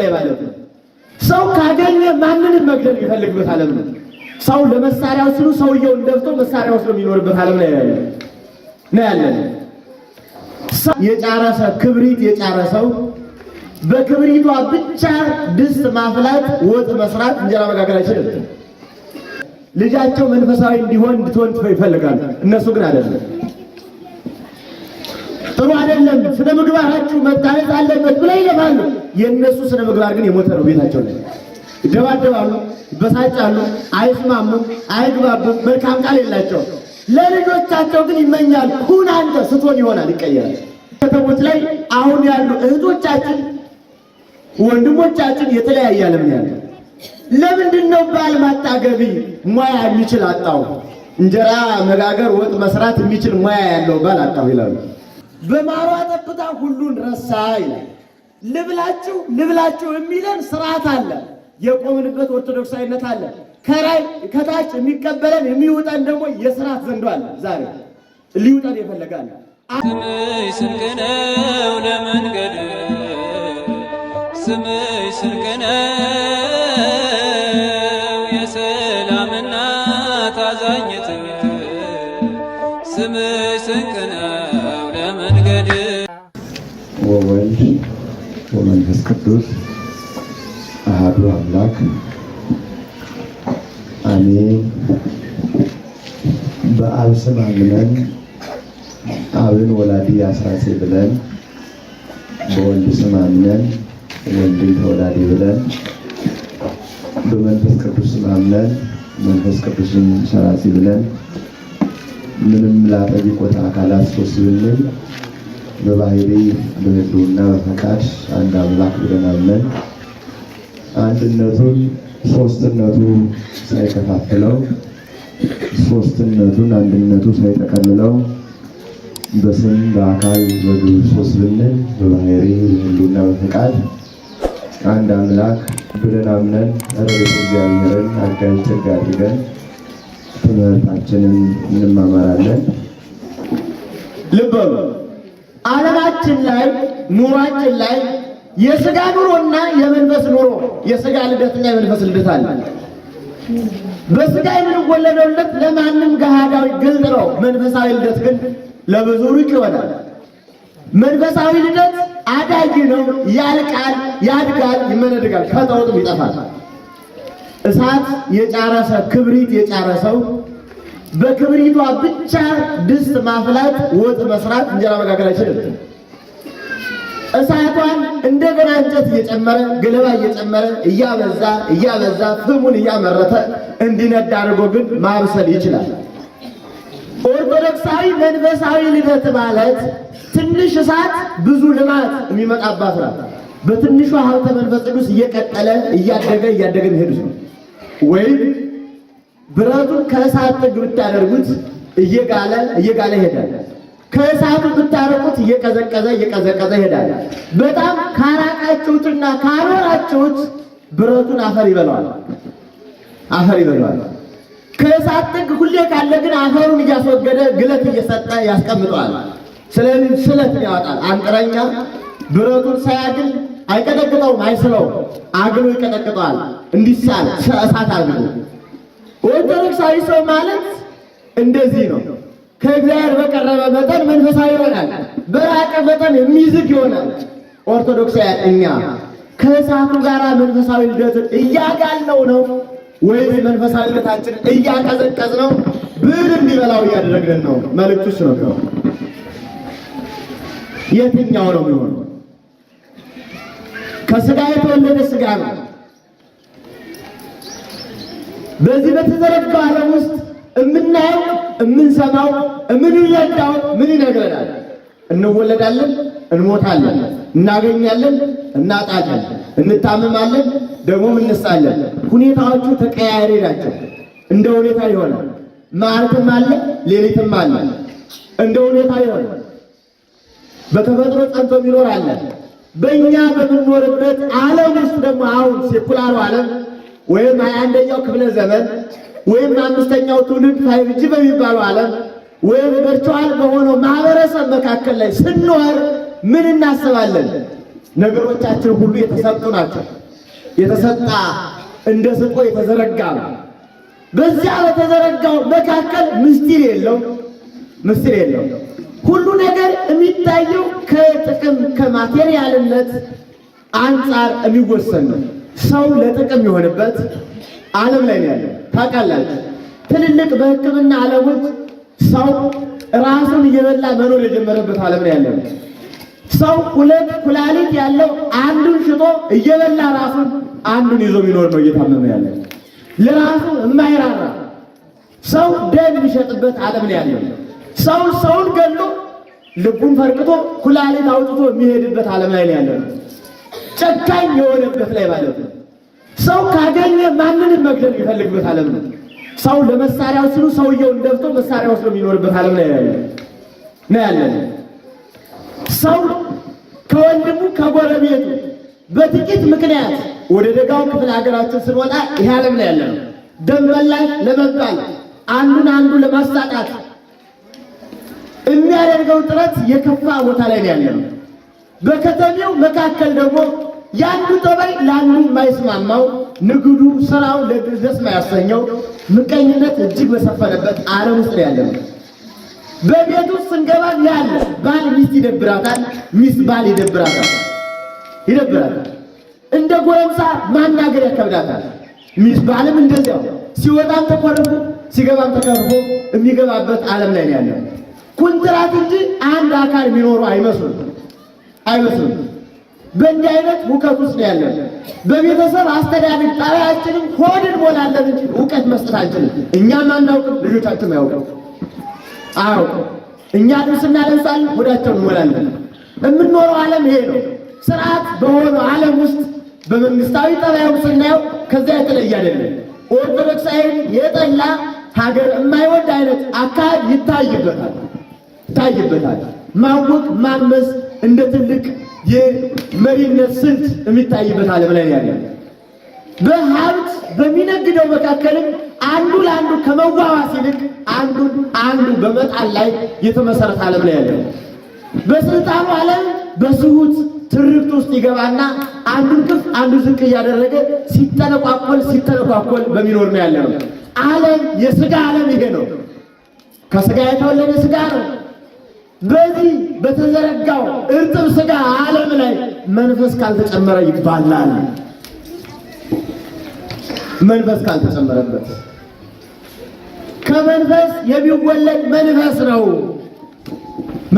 ላይ ማለት ነው። ሰው ካገኘ ማንንም መግደል የሚፈልግበት ዓለም ነው። ሰው ለመሳሪያ ሲሉ ሰውየውን ደፍቶ መሳሪያ ውስሉ የሚኖርበት ዓለም ላይ ያለ ነው ያለን የጨረሰ ክብሪት የጨረሰው በክብሪቷ ብቻ ድስት ማፍላት፣ ወጥ መስራት፣ እንጀራ መጋገር አይችልም። ልጃቸው መንፈሳዊ እንዲሆን እንድትሆን ይፈልጋሉ። እነሱ ግን አይደለም። ጥሩ አይደለም፣ ስነ ምግባራችሁ መታነጽ አለበት ብላ ይለፋሉ። የእነሱ ስነ ምግባር ግን የሞተ ነው። ቤታቸው ላይ ይደባደባሉ፣ ይበሳጫሉ፣ አይስማሙም፣ አይግባቡም፣ መልካም ቃል የላቸው። ለልጆቻቸው ግን ይመኛል። ሁን አንተ ስትሆን ይሆናል፣ ይቀየራል። ከተሞች ላይ አሁን ያሉ እህቶቻችን ወንድሞቻችን የተለያየ ዓለም ነው ያለው። ለምንድን ነው ባል ማታገቢ ሙያ የሚችል አጣው እንጀራ መጋገር ወጥ መስራት የሚችል ሙያ ያለው ባል አጣሁ ይላሉ። በማሯ ጠብታ ሁሉን ረሳ ይላል። ልብላችሁ ልብላችሁ የሚለን ስርዓት አለ፣ የቆምንበት ኦርቶዶክሳዊነት አለ። ከላይ ከታች የሚቀበለን የሚውጠን ደግሞ የስርዓት ዘንዶ አለ። ዛሬ ሊውጠን የፈለጋል ስምህ ስንቅ ነው ለመንገድ ስምህ ቅዱስ አህዱ አምላክ አሜን። በአብ ስም አምነን አብን ወላዲ አስራሴ ብለን በወልድ ስም አምነን ወልድን ተወላዲ ብለን በመንፈስ ቅዱስ ስም አምነን መንፈስ ቅዱስን ሰራሴ ብለን ምንም ላጠቢቆታ አካላት ሶስት ብንል በባህሪ በህዱና በፈቃድ አንድ አምላክ ብለናለን። አንድነቱን ሶስትነቱ ሳይከፋፍለው ሶስትነቱን አንድነቱ ሳይጠቀልለው በስም በአካል በዱ ሶስት ብንል በባህሪ በህዱና በፈቃድ አንድ አምላክ ብለን አምነን ረቤት እግዚአብሔርን አጋዥ ጸጋ አድርገን ትምህርታችንን እንማማራለን። ልበ ዓለማችን ላይ ኑሯችን ላይ ኑሮ ኑሮና የመንፈስ ኑሮ የስጋ ልደትና የመንፈስ ልደት አለ። በስጋ የምንወለደው ልደት ለማንም ገሃዳዊ ግልጥ ነው። መንፈሳዊ ልደት ግን ለብዙ ሩቅ ይሆናል። መንፈሳዊ ልደት አዳጊ ነው። ያልቃል፣ ያድጋል፣ ይመነድጋል፣ ከጠውጥም ይጠፋል። እሳት የጫረሰ ክብሪት የጫረሰው በክብሪቷ ብቻ ድስት ማፍላት፣ ወጥ መስራት፣ እንጀራ መጋገር አይችልም። እሳቷን እንደገና እንጨት እየጨመረ ገለባ እየጨመረ እያበዛ እያበዛ ፍሙን እያመረተ እንዲነድ አድርጎ ግን ማብሰል ይችላል። ኦርቶዶክሳዊ መንፈሳዊ ልደት ማለት ትንሽ እሳት ብዙ ልማት የሚመጣባት ናት። በትንሿ ሀብተ መንፈስ ቅዱስ እየቀጠለ እያደገ እያደገ የሚሄዱት ነው ወይም ብረቱን ከእሳት ጥግ ብታደርጉት እየጋለ እየጋለ ይሄዳል። ከእሳቱ ብታርቁት እየቀዘቀዘ እየቀዘቀዘ ይሄዳል። በጣም ካራቃችሁትና ካሮራችሁት ብረቱን አፈር ይበላዋል፣ አፈር ይበላዋል። ከእሳት ጥግ ሁሌ ካለ ግን አፈሩን እያስወገደ ግለት እየሰጠ ያስቀምጠዋል። ስለዚህ ስለት ያወጣል። አንጥረኛ ብረቱን ሳያግል አይቀጠቅጠውም፣ አይስለውም። አግሎ ይቀጠቅጠዋል። እንዲሳል እሳት አድርጎ ኦርቶዶክሳዊ ሰው ማለት እንደዚህ ነው። ከእግዚአብሔር በቀረበ መጠን መንፈሳዊ ይሆናል፣ በራቀ መጠን የሚዝግ ይሆናል። ኦርቶዶክሳውያን እኛ ከእሳቱ ጋር መንፈሳዊ ልደትን እያጋልነው ነው ወይስ መንፈሳዊ መንፈሳዊነታችንን እያቀዘቀዝ ነው? ብር እንዲበላው እያደረግን ነው። መልእክቱስ ነው ነው የትኛው ነው የሚሆነው? ከስጋ የተወለደ ስጋ ነው። በዚህ በተዘረጋ ዓለም ውስጥ እምናየው፣ እምንሰማው፣ እምንረዳው ምን ይነግረናል? እንወለዳለን፣ እንሞታለን፣ እናገኛለን፣ እናጣለን፣ እንታመማለን፣ ደግሞም እንነሳለን። ሁኔታዎቹ ተቀያያሪ ናቸው። እንደ ሁኔታ ይሆናል። መዓልትም አለ፣ ሌሊትም አለ። እንደ ሁኔታ ይሆናል። በተፈጥሮ ጸንቶ የሚኖር አለ። በእኛ በምንኖርበት ዓለም ውስጥ ደግሞ አሁን ሴኩላሩ ዓለም ወይም ሀያ አንደኛው ክፍለ ዘመን ወይም አምስተኛው ትውልድ ፋይቭ ጂ በሚባለው ዓለም ወይም ቨርቹዋል በሆነው ማህበረሰብ መካከል ላይ ስንኖር ምን እናስባለን? ነገሮቻችን ሁሉ የተሰጡ ናቸው። የተሰጣ እንደ ስቆ የተዘረጋ ነው። በዚያ በተዘረጋው መካከል ምስጢር የለው ምስጢር የለው። ሁሉ ነገር የሚታየው ከጥቅም ከማቴሪያልነት አንጻር የሚወሰን ነው። ሰው ለጥቅም የሆነበት ዓለም ላይ ነው ያለው። ታውቃላችሁ፣ ትልልቅ በሕክምና ዓለሞች ሰው ራሱን እየበላ መኖር የጀመረበት ዓለም ላይ ያለው ሰው ሁለት ኩላሊት ያለው አንዱን ሽጦ እየበላ ራሱን አንዱን ይዞ ቢኖር ነው እየታመመ ያለ ለራሱ የማይራራ ሰው ደም የሚሸጥበት ዓለም ላይ ያለው ሰው ሰውን ገሎ ልቡን ፈርቅቶ ኩላሊት አውጥቶ የሚሄድበት ዓለም ላይ ያለው ጨካኝ የሆነበት ላይ ማለት ነው። ሰው ካገኘ ማንንም መግደል የሚፈልግበት ዓለም ነው። ሰው ለመሳሪያው ስሉ ሰውየውን ደፍቶ መሳሪያ ውስጥ የሚኖርበት ዓለም ላይ ያለ ነው ያለ ሰው ከወንድሙ ከጎረቤቱ በጥቂት ምክንያት ወደ ደጋው ክፍል ሀገራችን ስንወጣ ይህ ዓለም ላይ ያለ ነው። ደም ለመባል አንዱን አንዱ ለማሳጣት የሚያደርገው ጥረት የከፋ ቦታ ላይ ያለ ነው። በከተሜው መካከል ደግሞ የአንዱ ጠባይ ለአንዱ የማይስማማው ንግዱ፣ ስራው ለድር ማያሰኘው የማያሰኘው ምቀኝነት እጅግ በሰፈነበት ዓለም ውስጥ ያለ ነው። በቤት ውስጥ ስንገባ ያለ ባል ሚስት ይደብራታል፣ ሚስት ባል ይደብራታል ይደብራታል። እንደ ጎረምሳ ማናገር ያከብዳታል። ሚስት ባልም እንደዚያው ሲወጣም ተቆርፎ ሲገባም ተቀርፎ የሚገባበት ዓለም ላይ ያለ ኩንትራት እንጂ አንድ አካል የሚኖሩ አይመስሉም አይመስሉም። በእንዲህ አይነት እውቀት ውስጥ ያለን በቤተሰብ አስተዳደግ ጣቢያችንም ሆድን ሞላለን እንጂ እውቀት መስጠት አንችልም። እኛም አናውቅም፣ ልጆቻችን አያውቅም። አዎ እኛ ልብስ እናለብሳለን፣ ሆዳቸውን እንሞላለን። የምንኖረው ዓለም ይሄ ነው። ስርዓት በሆነ ዓለም ውስጥ በመንግስታዊ ውስጥ ስናየው ከዚያ የተለየ አይደለም። ኦርቶዶክሳዊን የጠላ ሀገር የማይወድ አይነት አካል ይታይበታል ይታይበታል። ማወቅ ማመስ እንደ ትልቅ የመሪነት ስልት የሚታይበት ዓለም ላይ ያለ በሀብት በሚነግደው መካከልም አንዱ ለአንዱ ከመዋዋስ ይልቅ አንዱ አንዱ በመጣል ላይ የተመሰረተ ዓለም ላይ ያለ በስልጣኑ ዓለም በስሁት ትርክት ውስጥ ይገባና አንዱን ከፍ አንዱ ዝቅ እያደረገ ሲተነቋቆል ሲተነቋቆል በሚኖር ነው ያለ ነው። ዓለም የስጋ ዓለም ይሄ ነው። ከስጋ የተወለደ ስጋ ነው። በዚህ በተዘረጋው እርጥብ ስጋ ዓለም ላይ መንፈስ ካልተጨመረ ይባላል። መንፈስ ካልተጨመረበት ከመንፈስ የሚወለድ መንፈስ ነው፣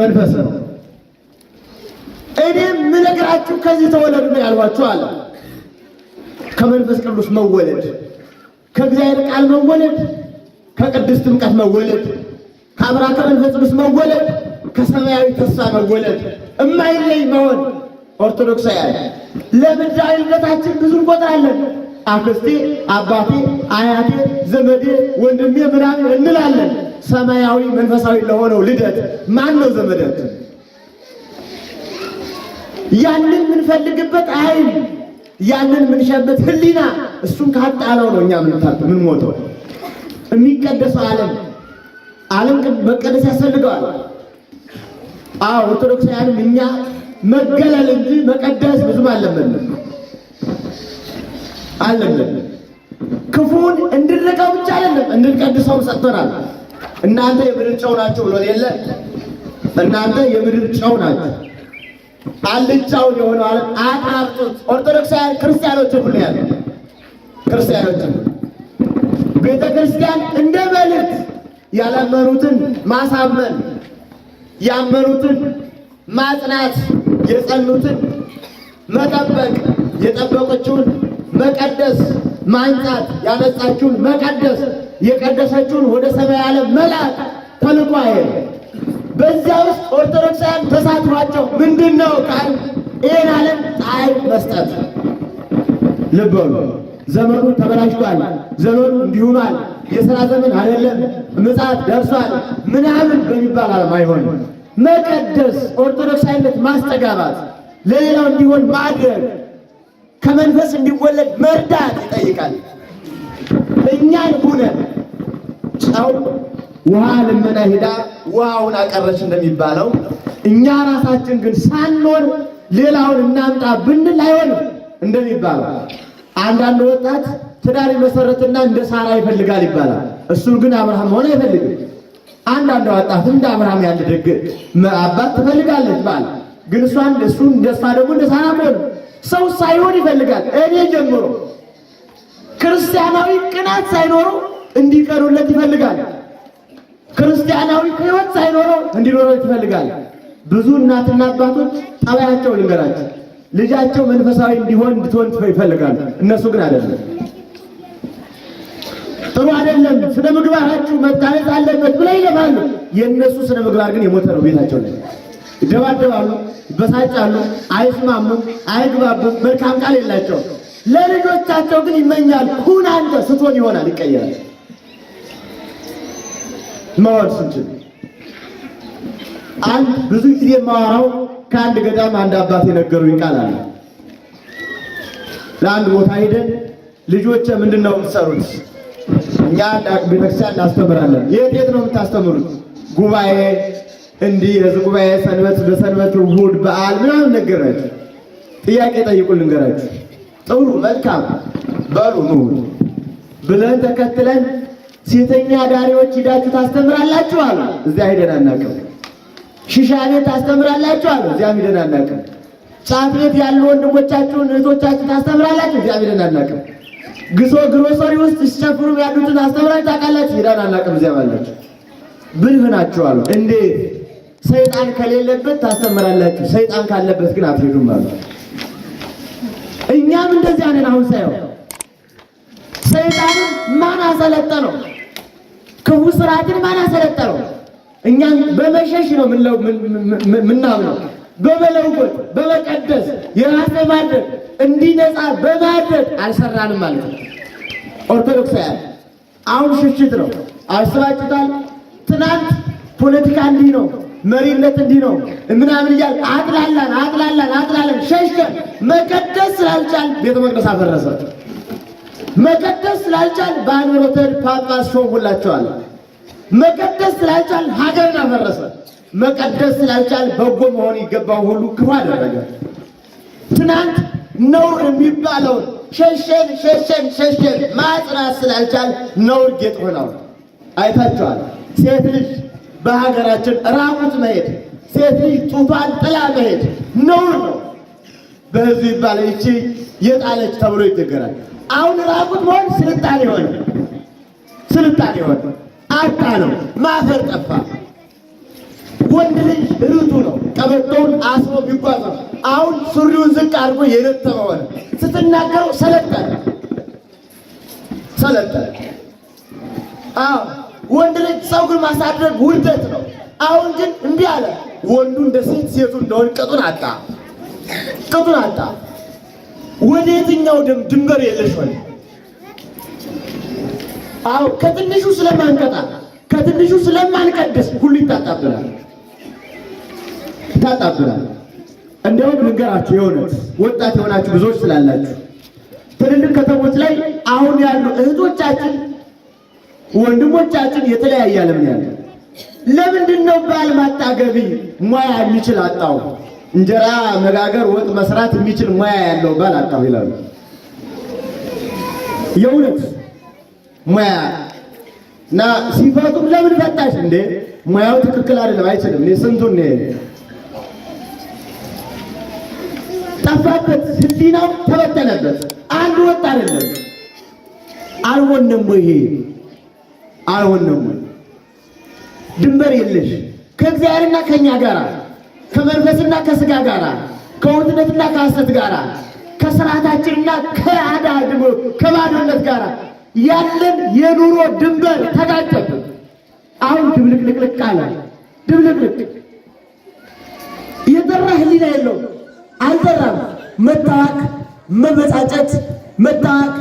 መንፈስ ነው። እኔም ምነግራችሁ ከዚህ ተወለዱ ነው ያልኳችሁ አለ። ከመንፈስ ቅዱስ መወለድ፣ ከእግዚአብሔር ቃል መወለድ፣ ከቅድስት ጥምቀት መወለድ፣ ከአብራ ከመንፈስ ቅዱስ መወለድ ከሰማያዊ ተስፋ መወለድ እማይለይ መሆን ኦርቶዶክሳውያን ለምድራዊነታችን ብዙ ቦታ አለን። አክስቴ፣ አባቴ፣ አያቴ፣ ዘመዴ፣ ወንድሜ ምናምን እንላለን። ሰማያዊ መንፈሳዊ ለሆነው ልደት ማን ነው ዘመደት? ያንን የምንፈልግበት አይን፣ ያንን የምንሸበት ህሊና እሱን ካጣለው ነው እኛ ሞተው የሚቀደሰው ዓለም ዓለም መቀደስ ያስፈልገዋል። አዎ ኦርቶዶክሳውያንም እኛ መገለል እንጂ መቀደስ ብዙም አለመንም አለመንም። ክፉን እንድንቀው ብቻ አይደለም እንድንቀድሰው ሰጥቶናል። እናንተ የምድር ጨው ናችሁ ብሎ የለ እናንተ የምድር ጨው ናችሁ። አልጫውን የሆነው አለ ኦርቶዶክሳውያን ክርስቲያኖችን ሁሉ ያለ ክርስቲያኖችን ቤተ ክርስቲያን እንደ መልእክት ያላመኑትን ማሳመን ያመኑትን ማጽናት፣ የጸኑትን መጠበቅ፣ የጠበቀችውን መቀደስ፣ ማንጻት፣ ያነጻችውን መቀደስ፣ የቀደሰችውን ወደ ሰማይ ዓለም መላክ ተልኳ ይሄ በዚያ ውስጥ ኦርቶዶክሳውያን ተሳትፏቸው ምንድን ነው ካል ይህን ዓለም ፀሐይ መስጠት ልበሉ። ዘመኑ ተበላሽቷል። ዘመኑ እንዲሁማል የሥራ ዘመን አይደለም ምጽአት ደርሷል ምናምን በሚባል ዓለም አይሆንም። መቀደስ፣ ኦርቶዶክሳዊነት ማስተጋባት፣ ለሌላው እንዲሆን ማድረግ፣ ከመንፈስ እንዲወለድ መርዳት ይጠይቃል። እኛን ሁነ ጨው ውሃ ልመና ሄዳ ውሃውን አቀረች እንደሚባለው እኛ ራሳችን ግን ሳንሆን ሌላውን እናምጣ ብንል አይሆንም እንደሚባለው አንዳንድ ወጣት ትዳር መሰረትና እንደ ሳራ ይፈልጋል ይባላል። እሱ ግን አብርሃም ሆነ አይፈልግም። አንዳንድ ወጣት እንደ አብርሃም ያለ ደግ አባት ትፈልጋለች ባል ግን እሷን እሱ እንደሷ ደግሞ እንደ ሳራ ሆነ ሰው ሳይሆን ይፈልጋል። እኔ ጀምሮ ክርስቲያናዊ ቅናት ሳይኖረው እንዲቀሩለት ይፈልጋል። ክርስቲያናዊ ሕይወት ሳይኖረው እንዲኖረው ይፈልጋል። ብዙ እናትና አባቶች ጠባያቸው ልንገራቸው፣ ልጃቸው መንፈሳዊ እንዲሆን እንድትሆን ይፈልጋሉ። እነሱ ግን አይደለም። ጥሩ አይደለም፣ ስነ ምግባራችሁ መታየት አለበት ብለው ይለፋሉ። የእነሱ ስነ ምግባር ግን የሞተ ነው። ቤታቸው ላይ ይደባደባሉ፣ ይበሳጫሉ፣ አይስማሙም፣ አይግባቡም፣ መልካም ቃል የላቸውም። ለልጆቻቸው ግን ይመኛል። ሁን አንተ ስትሆን ይሆናል፣ ይቀየራል። መሆን ስንችል አንድ ብዙ ጊዜ የማወራው ከአንድ ገዳም አንድ አባት የነገሩኝ ቃል አለ። ለአንድ ቦታ ሄደን ልጆቼ ምንድን ነው የምትሰሩት እኛ ቤተክርስቲያን እናስተምራለን። የት የት ነው የምታስተምሩት? ጉባኤ እንዲህ የዚህ ጉባኤ ሰንበት በሰንበት እሑድ በዓል ምናምን ነገራችሁ። ጥያቄ ጠይቁ ልንገራችሁ። ጥሩ መልካም በሉ ኑ ብለን ተከትለን ሴተኛ ዳሪዎች ሂዳችሁ ታስተምራላችሁ አሉ። እዚያ ሂደን አናውቅም። ሽሻ ቤት ታስተምራላችሁ አሉ። እዚያም ሂደን አናውቅም። ጫት ቤት ያሉ ወንድሞቻችሁን እህቶቻችሁ ታስተምራላችሁ። እዚያም ሂደን አናውቅም። ግሶ ግሮሰሪ ውስጥ ሲጨፍሩ ያሉትን አስተምራኝ ታውቃላችሁ? ሄዳን አናውቅም። እዚያ ባለች ብልህ ናችሁ አሉ። እንዴ ሰይጣን ከሌለበት ታስተምራላችሁ፣ ሰይጣን ካለበት ግን አትሄዱም አሉ። እኛም እንደዚያ ነን። አሁን ሳየው ሰይጣንን ማን አሰለጠነው? ክፉ ስርዓትን ማን አሰለጠነው? እኛ በመሸሽ ነው ምናምነው በመለወጥ በመቀደስ የራስ በማድረግ እንዲነጻ በማድረግ አልሰራንም ማለት ነው። ኦርቶዶክሳውያን አሁን ሽሽት ነው አስባችሁታል። ትናንት ፖለቲካ እንዲህ ነው፣ መሪነት እንዲህ ነው ምናምን እያል አጥላላን አጥላላን አጥላላን ሸሽተን መቀደስ ስላልቻል ቤተ መቅደስ አፈረሰ። መቀደስ ስላልቻል በአንድ ፓፓስ ጳጳስ ሾሙላቸዋል። መቀደስ ስላልቻል ሀገርን አፈረሰ። መቀደስ ስላልቻል በጎ መሆን ይገባው ሁሉ ክፉ አደረገ። ትናንት ነውር የሚባለውን ሸሸን ሸሸን ሸሸን ማጽናት ስላልቻል ነውር ጌጥ ሆነው አይታችኋል። ሴት ልጅ በሀገራችን ራቁት መሄድ፣ ሴት ልጅ ጡቷን ጥላ መሄድ ነውር ነው። በህዝብ ይባል ይቺ የጣለች ተብሎ ይነገራል። አሁን ራቁት መሆን ስልጣን ሆነ፣ ስልጣን ሆነ። አታ ነው ማፈር ጠፋ ወንድ ልጅ ርቱ ነው። ቀበቶውን አስሮ ቢጓዝ ነው። አሁን ሱሪውን ዝቅ አድርጎ የነጠበ ሆነ። ስትናገረው ሰለጠነ ሰለጠነ። አዎ ወንድ ልጅ ፀጉር ማሳደግ ውርደት ነው። አሁን ግን እንዲህ አለ። ወንዱ እንደ ሴት፣ ሴቱ እንደ ወንድ ቅጡን አጣ ቅጡን አጣ። ወደ የትኛው ደም ድንበር የለሽ ሆነ። አዎ ከትንሹ ስለማንቀጣ ከትንሹ ስለማንቀድስ ሁሉ ይታጣብናል። ይታጣብናል። እንዲያውም ልንገራችሁ የእውነት ወጣት የሆናችሁ ብዙዎች ስላላችሁ ትልልቅ ከተሞች ላይ አሁን ያሉ እህቶቻችን ወንድሞቻችን የተለያየ ዓለም ያለ። ለምንድን ነው ባል ማጣገቢ ሙያ የሚችል አጣው፣ እንጀራ መጋገር ወጥ መስራት የሚችል ሙያ ያለው ባል አጣው ይላሉ። የእውነት ሙያ እና ሲፈቱም ለምን ፈታሽ እንዴ ሙያው ትክክል አይደለም አይችልም። እኔ ጠፋበት፣ ህሊናው ተበተነበት። አንድ ወጥ አይደለም። አልሆነም ወይ ይሄ አልሆነም ወይ? ድንበር የለሽ ከእግዚአብሔርና ከእኛ ጋር ከመንፈስና ከስጋ ጋር ከውድነትና ከሐሰት ጋር ከስርዓታችንና ከአዳ ድሞ ከባዶነት ጋር ያለን የኑሮ ድንበር ተጋጨብን። አሁን ድብልቅልቅልቅ አለ ድብልቅልቅ የጠራ ህሊና የለውም። አልጠራም። መታወቅ፣ መበጻጨት፣ መታወቅ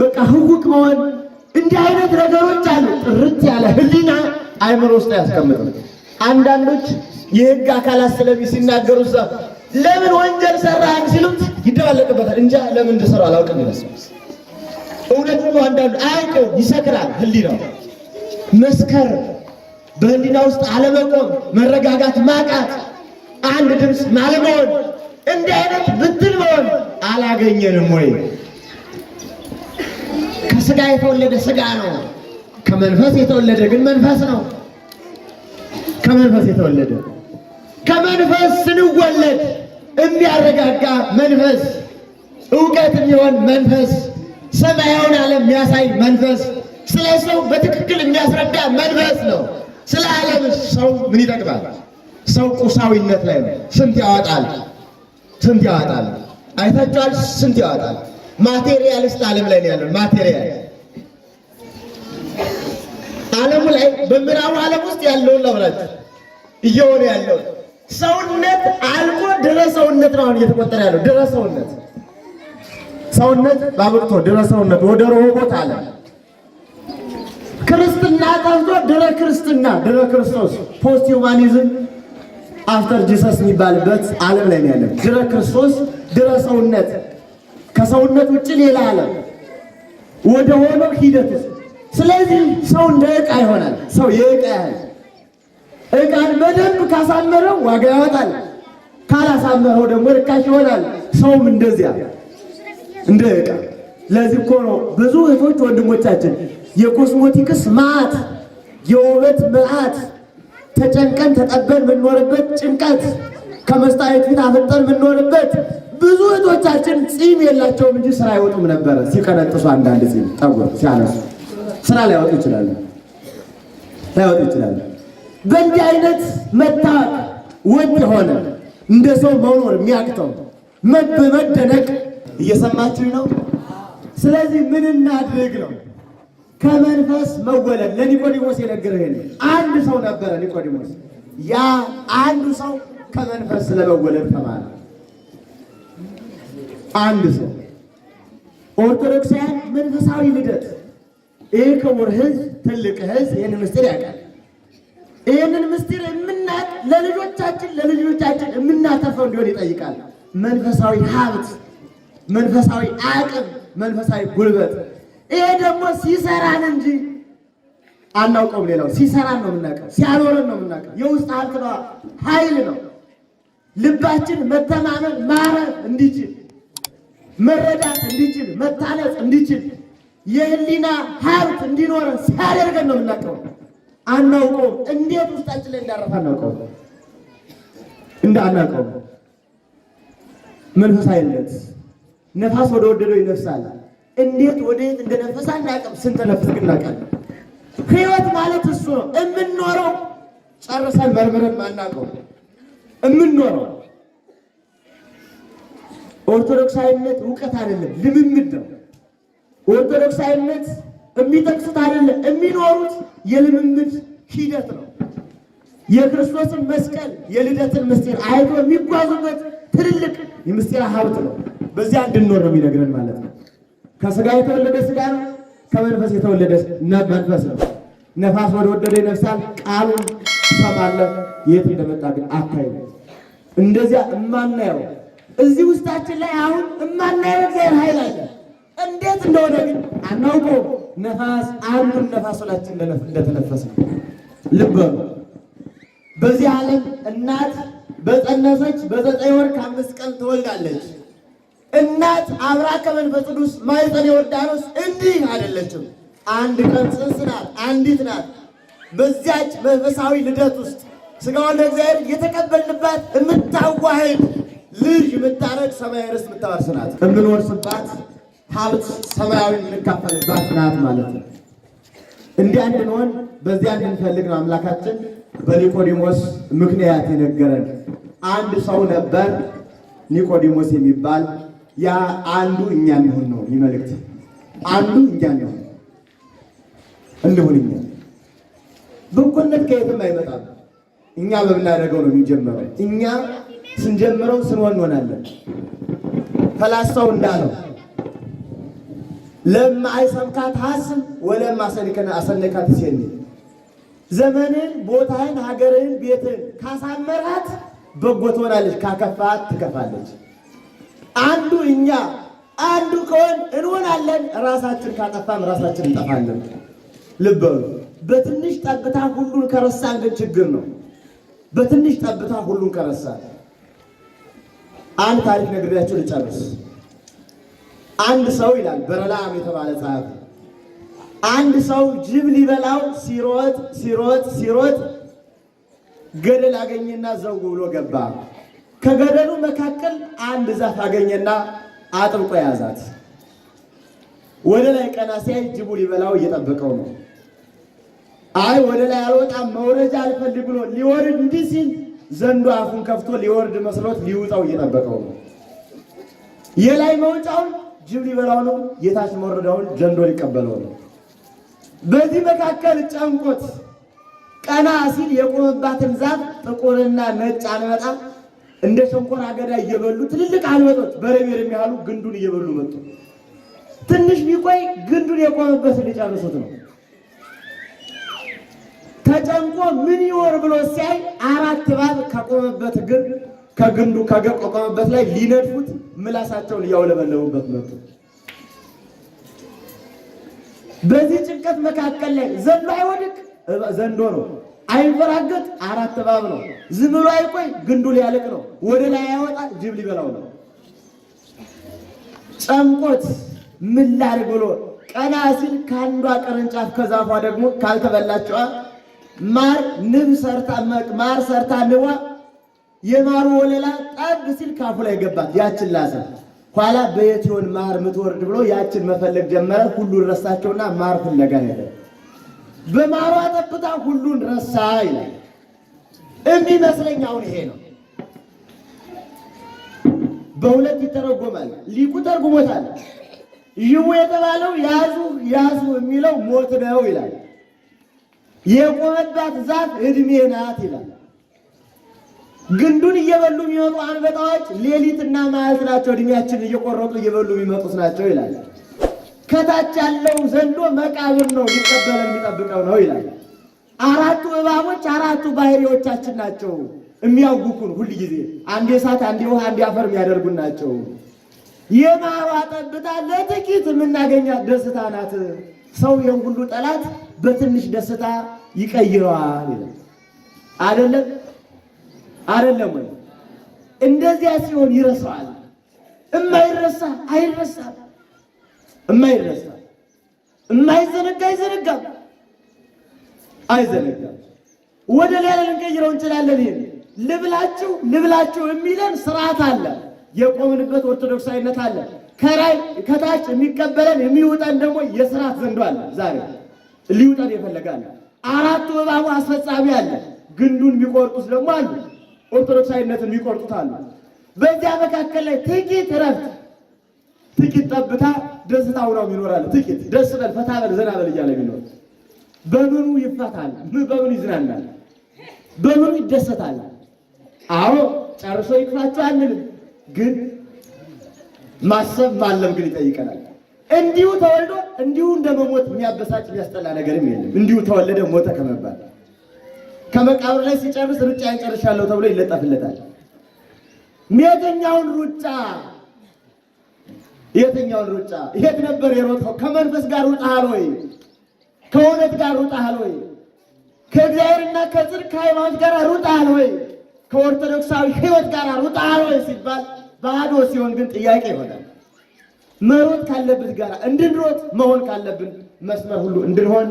በቃ ህውክ መሆን እንዲህ አይነት ነገሮች አሉ። ጥርት ያለ ህሊና አይምሮ ውስጥ አያስቀምጥም። አንዳንዶች የህግ አካላት ስለዚህ ሲናገሩ ለምን ወንጀል ሰራህን ሲሉት ይደባለቅበታል። እንጃ ለምን እንደሰራ አላውቅም ይላል። እውነት ነው። አንዳንዱ አያውቀው ይሰክራል። ህሊናው መስከር፣ በህሊና ውስጥ አለመቆም፣ መረጋጋት ማቃት፣ አንድ ድምፅ ማለመሆን እንዲህ አይነት ብትል መሆን አላገኘንም ወይ? ከስጋ የተወለደ ስጋ ነው፣ ከመንፈስ የተወለደ ግን መንፈስ ነው። ከመንፈስ የተወለደ ከመንፈስ ስንወለድ የሚያረጋጋ መንፈስ፣ እውቀት የሚሆን መንፈስ፣ ሰማያውን ዓለም የሚያሳይ መንፈስ፣ ስለ ሰው በትክክል የሚያስረዳ መንፈስ ነው። ስለ ዓለም ሰው ምን ይጠቅማል? ሰው ቁሳዊነት ላይ ነው፣ ስንት ያወጣል ስንት ያወጣል? አይታችኋል? ስንት ያወጣል? ማቴሪያሊስት ዓለም ላይ ነው ያለው። ማቴሪያል ዓለሙ ላይ በምዕራቡ ዓለም ውስጥ ያለውን ለብላችሁ እየሆነ ያለው ሰውነት አልቆ ድረ ሰውነት ነው አሁን እየተቆጠረ ያለው ድረ ሰውነት ሰውነት ባብቅቶ ድረ ሰውነት ወደ ሮቦት ዓለም ክርስትና ቀርቶ ድረ ክርስትና ድረ ክርስቶስ ፖስት ሁማኒዝም አፍተር ጂሰስ የሚባልበት ዓለም ላይ ነው ያለን። ድረ ክርስቶስ፣ ድረ ሰውነት፣ ከሰውነት ውጭ ሌላ ዓለም ወደ ሆነው ሂደት ውስጥ። ስለዚህ ሰው እንደ ዕቃ ይሆናል። ሰው የዕቃ ያህል ዕቃን በደንብ ካሳመረው ዋጋ ያወጣል፣ ካላሳመረው ደግሞ ርካሽ ይሆናል። ሰውም እንደዚያ እንደ ዕቃ። ለዚህ እኮ ነው ብዙ እህቶች ወንድሞቻችን የኮስሞቲክስ መዓት የውበት መዓት ተጨንቀን ተጠበን የምንኖርበት ጭንቀት ከመስታየት ፊት አፍጠን የምንኖርበት ብዙ እህቶቻችን ፂም የላቸውም እንጂ ስራ አይወጡም ነበረ። ሲቀነጥሱ አንዳንድ ጺም ጠጉር ሲያነሱ ስራ ላይወጡ ይችላሉ ላይወጡ ይችላሉ። በእንዲህ አይነት መታወቅ ውድ የሆነ እንደ ሰው መኖር የሚያቅተው መደነቅ እየሰማችሁ ነው። ስለዚህ ምን እናድርግ ነው ከመንፈስ መወለድ ለኒቆዲሞስ የነገረ ይሄ አንድ ሰው ነበረ ኒቆዲሞስ። ያ አንዱ ሰው ከመንፈስ ለመወለድ ተማረ። አንድ ሰው ኦርቶዶክሳውያን መንፈሳዊ ልደት ይህ ክቡር ሕዝብ ትልቅ ሕዝብ ይህን ምስጢር ያውቃል። ይህንን ምስጢር የምናት ለልጆቻችን ለልጆቻችን የምናተፈው እንዲሆን ይጠይቃል። መንፈሳዊ ሀብት፣ መንፈሳዊ አቅም፣ መንፈሳዊ ጉልበት ይሄ ደግሞ ሲሰራን እንጂ አናውቀውም። ሌላው ሲሰራን ነው የምናውቀው፣ ሲያኖረን ነው የምናውቀው። የውስጥ ሀብት ነው፣ ኃይል ነው። ልባችን መተማመን ማረፍ እንዲችል መረዳት እንዲችል መታነጽ እንዲችል የህሊና ሀብት እንዲኖረን ሲያደርገን ነው የምናውቀው። አናውቀውም። እንዴት ውስጣችን ላይ እንዳረፈ አናውቀውም። እንደ አናውቀውም መንፈስ አይነት ነፋስ ወደ ወደደው ይነፍሳል። እንዴት ወደየት እንደነፈሰ አናውቅም። ስንተነፍስ ግን እናውቃለን። ህይወት ማለት እሱ ነው። እምንኖረው ጨርሰን መርምረን ማናውቀው እምንኖረው ኦርቶዶክሳዊነት እውቀት አይደለም፣ ልምምድ ነው። ኦርቶዶክሳዊነት የሚጠቅሱት አይደለም፣ የሚኖሩት የልምምድ ሂደት ነው። የክርስቶስን መስቀል የልደትን ምስጢር አይቶ የሚጓዙበት ትልልቅ የምስጢር ሀብት ነው። በዚያ እንድንኖር ነው የሚነግረን ማለት ነው። ከስጋ የተወለደ ስጋ ነው፣ ከመንፈስ የተወለደ መንፈስ ነው። ነፋስ ወደ ወደደ ይነፍሳል፣ ቃሉን ትሰማለህ፣ የት እንደመጣ ግን አታይም። እንደዚያ እማናየው እዚህ ውስጣችን ላይ አሁን እማናየው እግዚአብሔር ኃይል አለ። እንዴት እንደሆነ ግን አናውቀውም። ነፋስ አንዱን ነፋስ ሁላችን እንደተነፈሰ ልብ በዚህ ዓለም እናት በጸነሰች በዘጠኝ ወር ከአምስት ቀን ትወልዳለች። እናት አብራ በጥዱስ ቅዱስ ማኅፀነ ዮርዳኖስ እንዲህ አይደለችም። አንድ ቀን ጽንስ ናት፣ አንዲት ናት። በዚያች መንፈሳዊ ልደት ውስጥ ሥጋውን ለእግዚአብሔር የተቀበልንባት የምታዋህድ ልጅ የምታረግ ሰማያዊ ርስት የምታወርስ ናት። የምንወርስባት ሀብት ሰማያዊ የምንካፈልባት ናት ማለት ነው። እንዲህ እንድንሆን በዚያ እንድንፈልግ ነው አምላካችን በኒቆዲሞስ ምክንያት የነገረን። አንድ ሰው ነበር ኒቆዲሞስ የሚባል ያ አንዱ እኛ እንሆን ነው ይመልክት አንዱ እኛ እንሆን እንሁን። እኛ ብቁነት ከየትም አይመጣም። እኛ በምናደርገው ነው የሚጀመረው። እኛ ስንጀምረው ስንሆን እንሆናለን። ፈላስፋው እንዳለው ለማ አይሰብካት ሀስብ ወለማ አሰነካት ሲል ዘመንን፣ ቦታህን፣ ሀገርህን፣ ቤትህን ካሳመራት በጎ ትሆናለች፣ ካከፋት ትከፋለች። አንዱ እኛ አንዱ ከሆን እንሆናለን። ራሳችን ካጠፋን ራሳችን እንጠፋለን። ልበሉ። በትንሽ ጠብታ ሁሉን ከረሳን ግን ችግር ነው። በትንሽ ጠብታ ሁሉን ከረሳን አንድ ታሪክ ነግሬያችሁ ልጨርስ። አንድ ሰው ይላል በረላም የተባለ ጸሐፊ፣ አንድ ሰው ጅብ ሊበላው ሲሮጥ ሲሮጥ ሲሮጥ ገደል አገኘና ዘው ብሎ ገባ። ከገደሉ መካከል አንድ ዛፍ አገኘና አጥብቆ ያዛት። ወደ ላይ ቀና ሲያይ ጅቡ ሊበላው እየጠበቀው ነው። አይ ወደ ላይ አልወጣም መውረጃ አልፈልግ ብሎ ሊወርድ እንዲህ ሲል ዘንዶ አፉን ከፍቶ ሊወርድ መስሎት ሊውጣው እየጠበቀው ነው። የላይ መውጫውን ጅብ ሊበላው ነው። የታች መውረዳውን ዘንዶ ሊቀበለው ነው። በዚህ መካከል ጨንቆት ቀና ሲል የቆመባትን ዛፍ ጥቁርና ነጭ አንመጣ። እንደ ሸንኮር አገዳ እየበሉ ትልልቅ አልበቶች በረቤር የሚያሉ ግንዱን እየበሉ መጡ። ትንሽ ቢቆይ ግንዱን የቆመበት ሊጨርሱት ነው። ተጨንቆ ምን ይወር ብሎ ሲያይ አራት እባብ ከቆመበት ግን ከግንዱ ከቆመበት ላይ ሊነድፉት ምላሳቸውን እያውለበለቡበት መጡ። በዚህ ጭንቀት መካከል ላይ ዘንዶ አይወድቅ ዘንዶ ነው አይንፈራገጥ አራት እባብ ነው። ዝም ብሎ አይቆይ ግንዱ ሊያልቅ ነው። ወደ ላይ ያወጣ ጅብ ሊበላው ነው። ጨምቆት ምን ላድርግ ብሎ ቀና ሲል ከአንዷ ቅርንጫፍ ከዛፏ ደግሞ ካልተበላችዋ ማር ንብ ሰርታ ማር ሰርታ ንቧ የማሩ ወለላ ጠብ ሲል ካፉ ላይ ገባት። ያችን ላሰ ኋላ በየት ይሆን ማር ምትወርድ ብሎ ያችን መፈለግ ጀመረ። ሁሉ ረሳቸውና ማር ፍለጋ ሄደ። በማሯ ጠብታ ሁሉን ረሳ ይላል። እሚመስለኝ አሁን ይሄ ነው። በሁለት ይተረጎማል። ሊቁ ተርጉሞታል። ይሁ የተባለው ያዙ ያዙ የሚለው ሞት ነው ይላል። የቆመባት ዛፍ እድሜ ናት ይላል። ግንዱን እየበሉ የሚመጡ አንበጣዎች ሌሊትና ማዕት ናቸው። እድሜያችን እየቆረጡ እየበሉ የሚመጡት ናቸው ይላል። ከታች ያለው ዘንዶ መቃብር ነው ሊቀበለ የሚጠብቀው ነው ይላል። አራቱ እባቦች አራቱ ባህሪዎቻችን ናቸው የሚያውጉኩን ሁል ጊዜ አንድ እሳት፣ አንድ ውሃ፣ አንድ አፈር የሚያደርጉን ናቸው። የማሯ ጠብታ ለጥቂት የምናገኛት ደስታ ናት። ሰው ይህን ሁሉ ጠላት በትንሽ ደስታ ይቀይረዋል ይላል። አደለም አደለም ወይ? እንደዚያ ሲሆን ይረሳዋል። እማይረሳ አይረሳም። እማይረሳ እማይዘነጋ አይዘነጋም አይዘነጋም። ወደ ሌላ ልንቀይረው እንችላለን። ይሄን ልብላችሁ ልብላችሁ የሚለን ስርዓት አለ፣ የቆምንበት ኦርቶዶክሳዊነት አለ። ከላይ ከታች የሚቀበለን የሚውጠን ደግሞ የስርዓት ዘንዶ አለ። ዛሬ ሊውጠን ይፈልጋል። አራቱ እባቡ አስፈጻሚ አለ። ግንዱን የሚቆርጡት ደግሞ አሉ፣ ኦርቶዶክሳዊነትን የሚቆርጡት አሉ። በዚያ መካከል ላይ ጥቂት እረፍት ጥቂት ጠብታ ደስታ ነው ይኖራል። ጥቂት ደስ በል ፈታ በል ዘና በል እያለ ቢኖር በምኑ ይፈታል? በምኑ ይዝናናል? በምኑ ይደሰታል? አዎ ጨርሶ ይክፋችሁ አንልም፣ ግን ማሰብ ማለም ግን ይጠይቀናል። እንዲሁ ተወልዶ እንዲሁ እንደመሞት የሚያበሳጭ የሚያስጠላ ነገርም የለም። እንዲሁ ተወለደ ሞተ ከመባል ከመቃብር ላይ ሲጨርስ ሩጫ ጨርሻለሁ ተብሎ ይለጠፍለታል። የትኛውን ሩጫ የትኛውን ሩጫ የት ነበር የሮጥኸው? ከመንፈስ ጋር ሩጣሃል ወይ? ከእውነት ጋር ሩጣሃል ወይ? ከእግዚአብሔርና ከጽድቅ ከሃይማኖት ጋር ሩጣሃል ወይ? ከኦርቶዶክሳዊ ህይወት ጋር ሩጣሃል ወይ ሲባል ባዶ ሲሆን ግን ጥያቄ ይሆናል። መሮጥ ካለበት ጋር እንድንሮጥ መሆን ካለብን መስመር ሁሉ እንድንሆን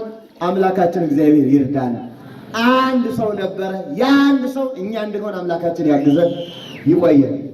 አምላካችን እግዚአብሔር ይርዳን። አንድ ሰው ነበረ። የአንድ ሰው እኛ እንድንሆን አምላካችን ያግዘን። ይቆየን።